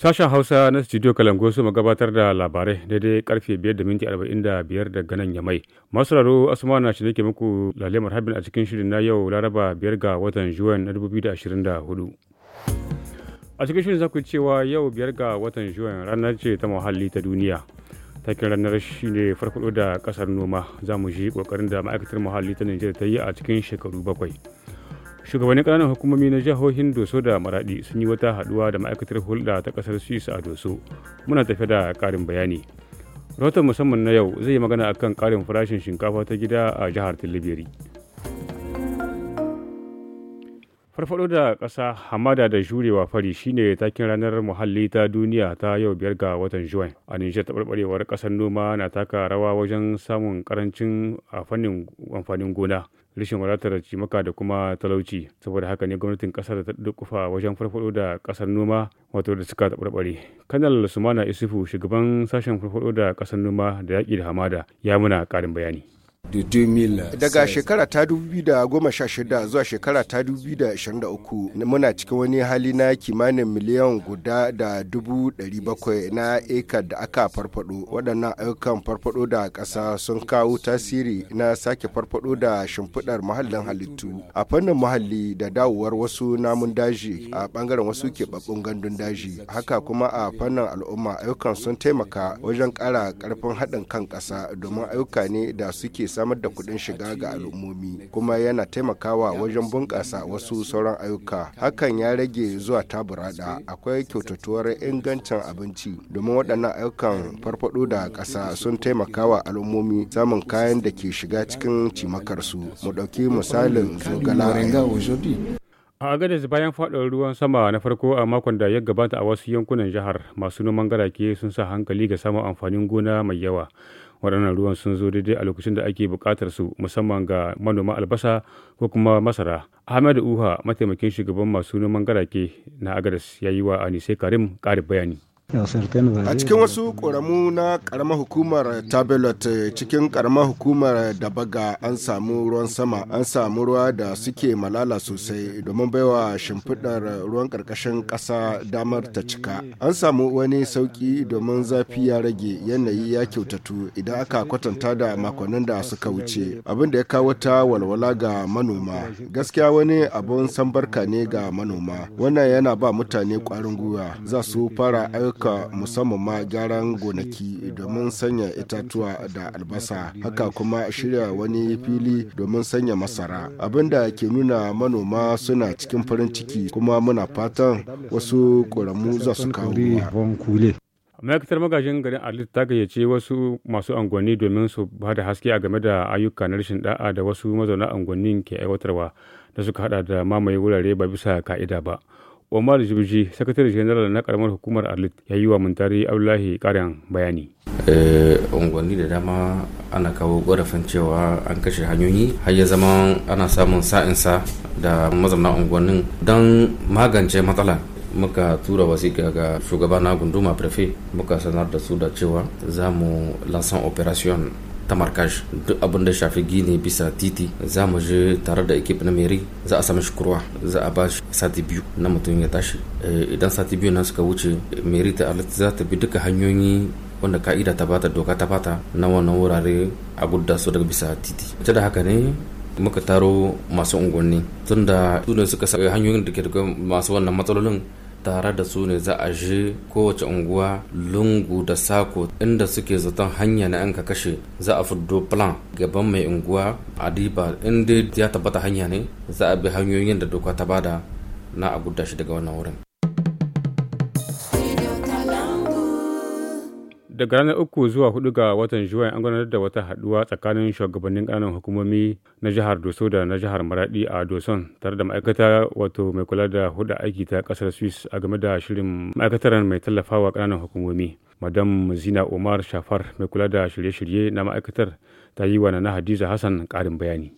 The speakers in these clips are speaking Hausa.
Sashen Hausa na Studio Kalango su gabatar da labarai daidai karfe 5 da minti 45 daga nan yamai. Masu raro Asuma na shi ke muku lalemar harbin a cikin shirin na yau Laraba 5 ga watan Juwan 2024. A cikin shirin zaku ku cewa yau 5 ga watan Juwan ranar ce ta muhalli ta duniya. Takin ranar shi ne farfado da kasar noma za mu shi kokarin da ma'aikatar muhalli ta nigeria ta yi a cikin shekaru bakwai. shugabannin ƙananan hukumomi na jihohin doso da maradi sun yi wata haɗuwa da ma'aikatar hulɗa ta ƙasar swiss a doso muna tafe da ƙarin bayani rahoton musamman na yau zai yi magana akan ƙarin farashin shinkafa ta gida a jihar tilibiri farfado da ƙasa hamada da jurewa fari shine takin ranar muhalli ta duniya ta yau biyar ga watan juwan a nijar taɓarɓarewar ƙasar noma na taka rawa wajen samun ƙarancin a fannin amfanin gona rashin wadatar cimaka da kuma talauci saboda haka ne gwamnatin kasar ta dukufa wajen farfado da kasar noma wato da suka taɓarɓare kanal sumana isufu shugaban sashen farfado da kasar noma da yaƙi da hamada ya muna ƙarin bayani Daga shekara ta 2016 zuwa shekara ta 2023 muna cikin wani hali na kimanin miliyan guda da dubu dari bakwai na eka da aka farfado. Waɗannan ayyukan farfado da ƙasa sun kawo tasiri na sake farfado da shimfiɗar muhallin halittu. A fannin muhalli da dawowar wasu namun daji a bangaren wasu keɓaɓɓun gandun daji. Haka kuma a fannin al'umma ayyukan sun taimaka wajen ƙara ƙarfin haɗin kan ƙasa domin ayyuka ne da suke samar da kuɗin shiga ga al'ummomi kuma yana taimakawa wajen bunƙasa wasu sauran ayyuka hakan ya rage zuwa taburada akwai kyautatuwar ingancin abinci domin waɗannan ayyukan farfaɗo da ƙasa sun taimakawa al'ummomi samun kayan da ke shiga cikin cimakarsu mu ɗauki misalin zogala a agadez bayan faɗin ruwan sama na farko a makon da ya gabata a wasu yankunan jihar masu noman garake sun sa hankali ga samun amfanin gona mai yawa waɗannan ruwan sun zo daidai a lokacin da ake buƙatar su musamman ga manoma albasa ko kuma masara ahmed uha mataimakin shugaban masu noman garake na agadas ya yi wa anise karim ƙarin bayani a cikin wasu ƙoramu na ƙaramar hukumar Tablet, eh, cikin ƙaramar hukumar da baga an samu ruwan sama an samu ruwa da suke malala sosai domin baiwa shimfiɗar ruwan ƙarƙashin ƙasa damar ta cika an samu wani sauƙi domin zafi ya rage yanayi ya kyautatu idan aka kwatanta da makonnin da suka wuce abin da ya kawo ta walwala ga manoma gaskiya wani abun sambarka ne ga manoma wannan yana ba mutane ƙwarin gwiwa za su fara ayyuka ayyuka musamman ma gyaran gonaki domin sanya itatuwa da albasa haka kuma shirya wani fili domin sanya masara abin da ke nuna manoma suna cikin farin ciki kuma muna fatan wasu ƙoramu za su kawo ma'aikatar magajin garin alit ta gayyace wasu masu angonni domin su ba da haske a game da ayyuka na rashin da'a da wasu mazauna angonin ke aiwatarwa da suka hada da mamaye wurare ba bisa ka'ida ba Omar Jibji, sakatare jeneral na karamar hukumar Arlit, ya yi wa Muntari Abdullahi ƙarin bayani. Eh, unguwanni da dama ana kawo ƙorafin cewa an kashe hanyoyi har ya zama ana samun sa'insa da mazauna unguwannin don magance matsala muka tura wasiƙa ga shugaba na gunduma prefe muka sanar da su da cewa za mu lansan operation ta markaj duk abin da shafi gini bisa titi za mu je tare da ekip na meri za a sami shukurwa za a ba shi sati biyu na mutum ya tashi eh, idan sati biyu na suka wuce meri ta alati za ta bi duka hanyoyi wanda ka'ida ta bata doka ta bata na wannan wurare a gudda su daga bisa titi ita da haka ne muka taro masu unguwanni tunda su ne suka hanyoyin da ke masu wannan matsalolin tare da su ne za a je kowace unguwa lungu da sako inda suke zaton hanya na yan ka kashe za a fiddo plan gaban mai unguwa a diba in ya tabbata hanya ne za a bi hanyoyin da doka ta bada na a shi daga wannan wurin daga ranar uku zuwa hudu ga watan juwai an gudanar da wata haduwa tsakanin shugabannin kananan hukumomi na jihar doso da na jihar maradi a doson tare da ma'aikata wato mai kula da hudu aiki ta kasar swiss a game da shirin ma'aikatar mai tallafawa kananan hukumomi madam zina omar shafar mai kula da shirye-shirye na ma'aikatar ta yi wa na hadiza hassan karin bayani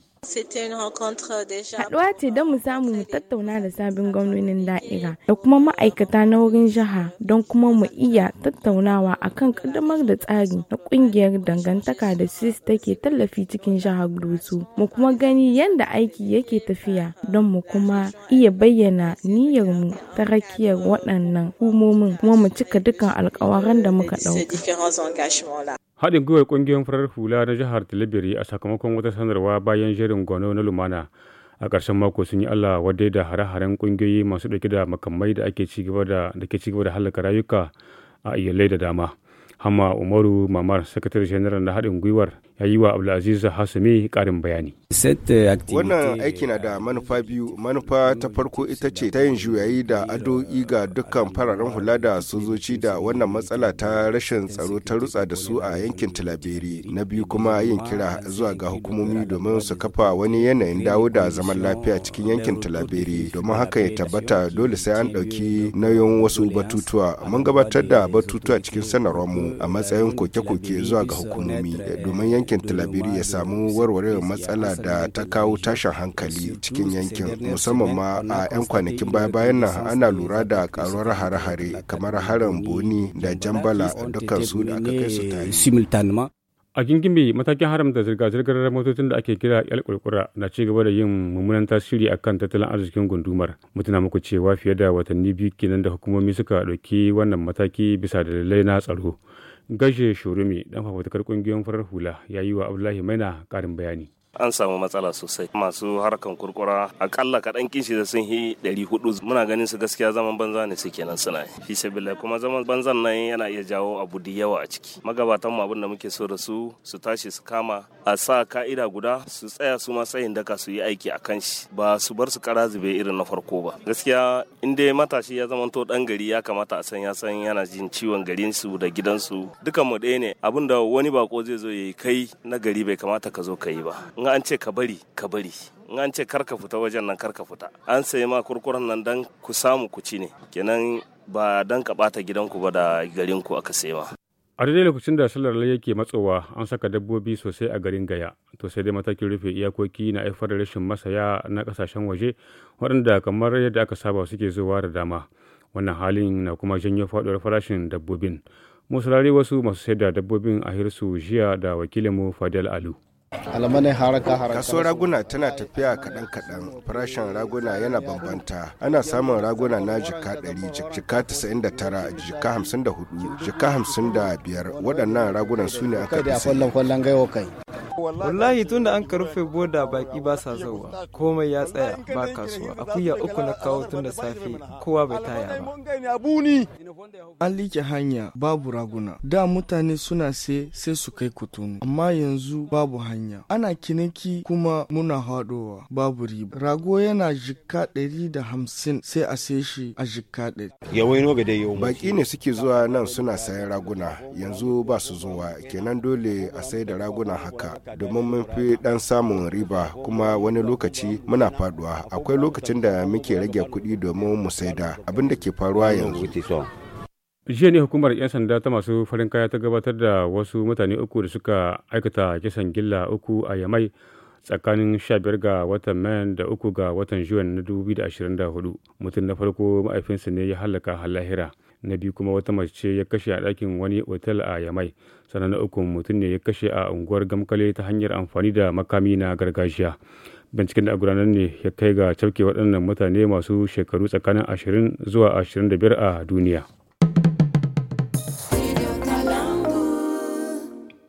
Haɗuwa ce don mu samu mu tattauna da sabbin gwamnonin da'ira da kuma ma'aikata na wurin jiha don kuma mu iya tattaunawa a kan kaddamar da tsari na ƙungiyar dangantaka da SIS take tallafi cikin jihar Dosu. Mu kuma gani yadda aiki yake tafiya don mu kuma iya bayyana niyyarmu ta rakiyar waɗannan hukumomin kuma mu cika dukkan alkawaran da muka ɗauka. haɗin gwiwar ƙungiyoyin farar hula na jihar tilibiri a sakamakon wata sanarwa bayan jerin gwano na lumana a ƙarshen mako sun yi allah wadai da hare-haren ƙungiyoyi masu ɗauke da makamai da ake cigaba da halaka rayuka a iyalai da dama hamma umaru mamar sakatare janar na haɗin gwiwar ya yi wa abdulaziz hasumi ƙarin bayani Eh, wannan eh, aiki na da manufa biyu. Manufa ta farko ita ce ta yin juyayi da adoi ga dukkan fararen hula da sojoji da wannan matsala ta rashin tsaro ta rutsa da su a yankin Tilaberi. Na biyu kuma yin kira zuwa ga hukumomi domin su kafa wani yanayin dawo da zaman lafiya cikin yankin Tilaberi. Domin haka ya tabbata dole sai an ɗauki nauyin wasu batutuwa. Mun gabatar da batutuwa cikin sanarwar mu a matsayin koke-koke zuwa ga hukumomi domin yankin Tilaberi ya samu warware matsala da ta kawo tashin hankali cikin yankin musamman ma a 'yan kwanakin baya-bayan nan ana lura da karuwar hare-hare kamar harin boni da jambala dukansu da aka kai su tare. a gingimi matakin haramta zirga-zirgar motocin da ake kira yal kurkura na ci gaba da yin mummunan tasiri a kan tattalin arzikin gundumar mutuna muku cewa fiye da watanni biyu kenan da hukumomi suka ɗauki wannan mataki bisa dalilai na tsaro gashe shurumi dan fafutukar kungiyoyin farar hula ya yi wa abdullahi maina ƙarin bayani an samu matsala sosai masu harkan kurkura akalla kaɗan kishi da sun yi ɗari hudu muna ganin su gaskiya zaman banza ne suke nan suna fi sabila kuma zaman banzan nan yana iya jawo abu da yawa a ciki magabatan mu abin da muke so da su su tashi su kama a sa ka'ida guda su tsaya su ma tsayin daka su yi aiki a kan shi ba su bar su kara zube irin na farko ba gaskiya in dai matashi ya zamanto dan gari ya kamata a san ya san yana jin ciwon garin su da gidansu dukan mu ɗaya ne abin da wani bako zai zo yayi kai na gari bai kamata ka zo ka yi ba in an ce ka bari ka bari in an ce karka fita wajen nan karka fita an sayi ma kurkuren nan dan ku samu ku ci ne kenan ba dan ka bata gidanku ba da garin ku aka sayi ma a daidai lokacin da sallar lai yake matsowa an saka dabbobi sosai a garin gaya to sai dai matakin rufe iyakoki na haifar da rashin masaya na kasashen waje waɗanda kamar yadda aka saba suke zuwa da dama wannan halin na kuma janyo faɗuwar farashin dabbobin musulari wasu masu sai da dabbobin a hirsu jiya da wakilinmu fadil alu kaso raguna tana tafiya kaɗan kaɗan farashin raguna yana bambanta ana samun raguna na jika 100 jika 99 jika 54 jika 55 waɗannan ragunan su ne aka fi wallahi tunda an ka rufe boda baki ba sa zauwa komai ya tsaya ba kasuwa akuya uku na kawo tun da safe kowa bai taya ba an like hanya babu raguna da mutane suna sai sai su kai kutunu amma yanzu babu hanya ana kiniki kuma muna haɗowa babu riba rago yana jikka ɗari da hamsin sai a sai shi a jikka ɗari baki ne suke zuwa nan suna sayan raguna yanzu ba su zuwa kenan dole a sai da raguna haka domin mun fi dan samun riba kuma wani lokaci muna faduwa akwai lokacin da muke rage kuɗi domin mu saida abin da ke faruwa yanzu jiya ne hukumar 'yan sanda ta masu farin kaya ta gabatar da wasu mutane uku da suka aikata kisan gilla uku a yamai tsakanin 15 ga watan mayan da uku ga watan juwan na 2024 mutum na farko ma'aifinsa ne ya halaka halahira na biyu kuma wata mace ya kashe a ɗakin wani otal a yamai sannan na uku mutum ne ya kashe a unguwar gamkale ta hanyar amfani da makami na gargajiya binciken da a gudanar ne ya kai ga cafke waɗannan mutane masu shekaru tsakanin 20 zuwa 25 a duniya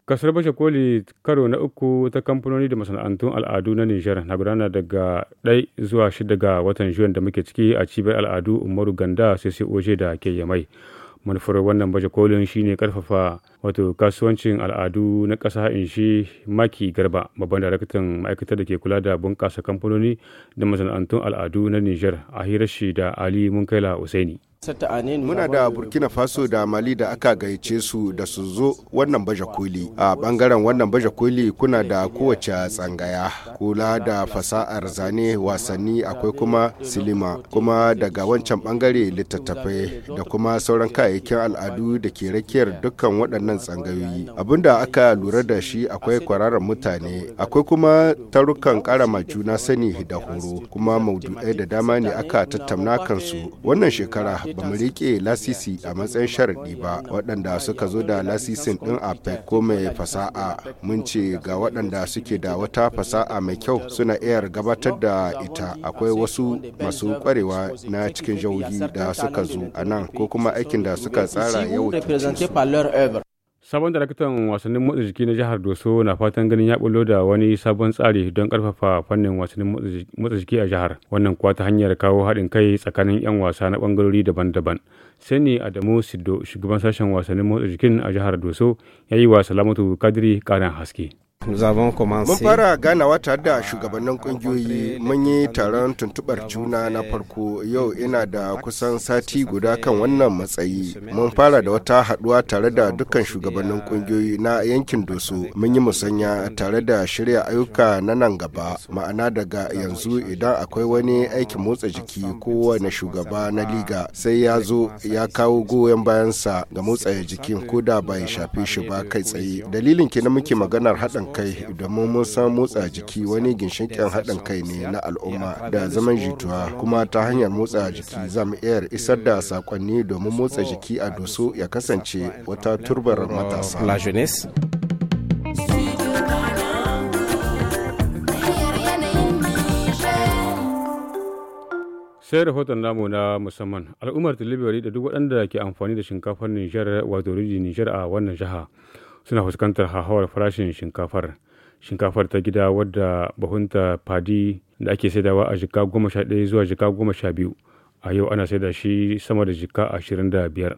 kasar Bashe Koli karo na uku ta kamfanoni da masana'antun al'adu na Nijar na gudana daga 1 zuwa 6 ga watan Juyan da muke ciki a cibiyar al'adu Umaru Ganda sai sai oje da ke yamai. Manufar wannan baje kolin shine karfafa wato kasuwancin al'adu na ƙasa in shi maki garba babban daraktan ma'aikatar da ke kula da bunƙasa kamfanoni da masana'antun al'adu na niger a hirar shi da ali munkaila usaini muna da burkina faso da mali da aka gayyace su da su zo wannan baje koli a bangaren wannan baje koli kuna da kowace tsangaya kula da fasa'ar zane wasanni akwai kuma silima kuma daga wancan bangare littattafai da kuma sauran kayayyakin al'adu da ke rakiyar dukkan waɗannan waɗannan tsangayoyi abinda aka lura da shi akwai kwararar mutane akwai kuma tarukan karama juna sani da horo kuma maudu'ai da dama ne aka tattauna kansu wannan shekara ba mu riƙe lasisi a matsayin sharaɗi ba waɗanda suka zo da lasisin ɗin apec ko mai fasa'a mun ce ga waɗanda suke da wata fasa'a mai kyau suna iya gabatar da ita akwai wasu masu kwarewa na cikin jihohi da suka zo a nan ko kuma aikin da suka tsara yau Sabon daraktan wasannin motsa jiki na jihar Doso na fatan ganin ya bullo da wani sabon tsari don karfafa fannin wasannin motsa jiki a jihar. Wannan kuwa ta hanyar kawo haɗin kai tsakanin 'yan wasa na bangarori daban-daban. sai ne Adamu sido shugaban sashen wasannin motsa jikin a jihar Doso, ya yi wa Salamatu Kadiri ƙarin haske. Mun fara ganawa tare da shugabannin kungiyoyi mun yi taron tuntubar juna na farko yau ina da kusan sati guda kan wannan matsayi. Mun fara da wata haduwa tare da dukkan shugabannin kungiyoyi na yankin Doso mun yi musanya tare da shirya ayyuka na nan gaba ma'ana daga yanzu idan akwai wani aikin motsa jiki kowane shugaba na liga sai ya zo ya kawo goyon bayansa ga motsa jikin ko da bai shafe shi ba kai tsaye. Dalilin ke na muke maganar haɗin kai domin mun motsa jiki wani ginshiƙin haɗin kai ne na al'umma da zaman jituwa kuma ta hanyar motsa jiki za mu iya isar da sakonni domin motsa jiki a doso ya kasance wata turbar matasa. sai rahoton namu na musamman al'ummar delivery da duk waɗanda ke amfani da shinkafar nijar wato rijin nijar a wannan jiha suna fuskantar hauhawar farashin shinkafar shinkafar ta gida wadda bahunta fadi da ake saidawa a jika goma sha ɗaya zuwa jika goma sha biyu a yau ana saida shi sama da jika ashirin da biyar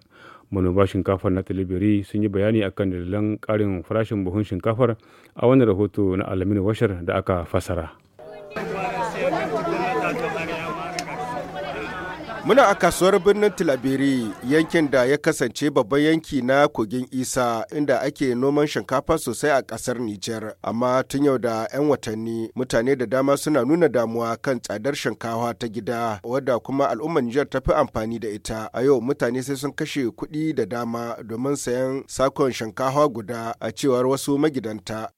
manoma shinkafar na tilibiri sun yi bayani akan dalilan ƙarin farashin buhun shinkafar a wannan rahoto na alamin washar da aka fasara. Muna a kasuwar birnin Tilabiri yankin da ya kasance babban yanki na kogin Isa inda ake noman shinkafa sosai a kasar Nijar. Amma tun yau da 'yan watanni mutane da dama suna nuna damuwa kan tsadar shinkafa ta gida wadda kuma al'ummar Nijar ta fi amfani da ita. A yau mutane sai sun kashe kuɗi da dama domin sayan sakon shinkafa guda a cewar wasu magidanta.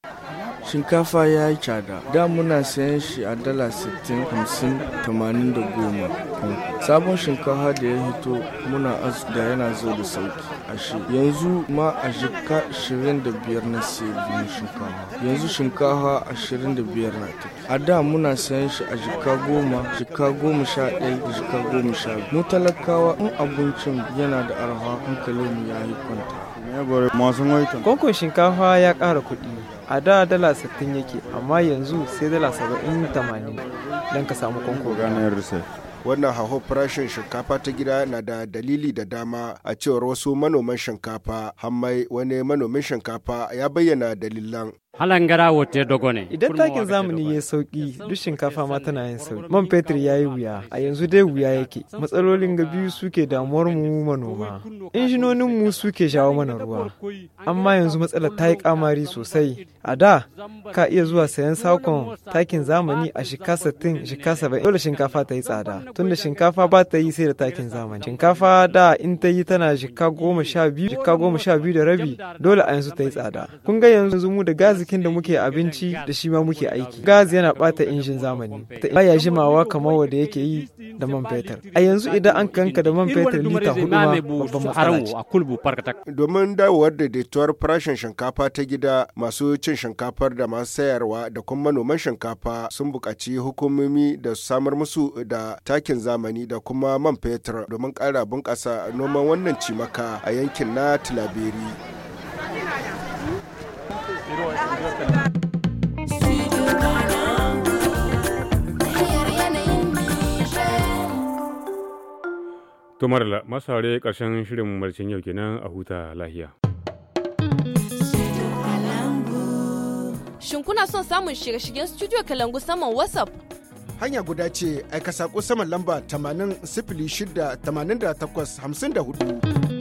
Shinkafa ya yi cada. Da muna sayan shi a dala 60, 50, 80 da goma. sabon shinkafa da ya hito muna da yana zo da sauki ashe yanzu ma a jika 25 na siya shinkafa yanzu shinkafa 25 na tafi. a da muna sayan shi a jika goma jika goma sha ɗaya da jika goma sha biyu mu talakawa in abincin yana da arha mu ya yi kwanta kwankwan shinkafa ya ƙara kuɗi a da dala 60 yake amma yanzu sai dala 70 tamanin, don ka samu kwankwan wannan haho farashin shinkafa ta gida na da dalili da dama a cewar wasu manoman shinkafa hammai wani manomin shinkafa ya bayyana dalilan gara wote dogone idan takin zamani ya sauki duk shinkafa ma tana yin sauki man fetur ya yi wuya a yanzu dai wuya yake matsalolin ga biyu suke damuwar mu manoma injinonin mu suke shawo mana ruwa amma yanzu matsalar ta yi kamari sosai a da ka iya zuwa sayan sakon takin zamani a shika 60 shika 70 dole shinkafa ta yi tsada tunda shinkafa ba ta yi sai da takin zamani shinkafa da in ta yi tana shika goma sha biyu shika goma sha biyu da rabi dole a yanzu ta yi tsada kun ga yanzu mu da gazi cikin da muke abinci da shi ma muke aiki gas yana bata injin zamani baya jimawa kamar wanda yake yi da man fetur a yanzu idan an kanka da man fetur lita hudu ma babban matsalaci. domin dawowar daidaituwar farashin shinkafa ta gida masu cin shinkafar da masu sayarwa da kuma manoman shinkafa sun buƙaci hukumomi da samar musu da takin zamani da kuma man fetur domin ƙara bunƙasa noman wannan cimaka a yankin na tilaberi Tumarla, masu haure ƙarshen shirin marcin yau kenan a huta lahiya. Shin kuna son samun shirye-shiryen studio Kalangu saman WhatsApp? Hanya guda ce aika saƙo saman lamba 80 06 88 54.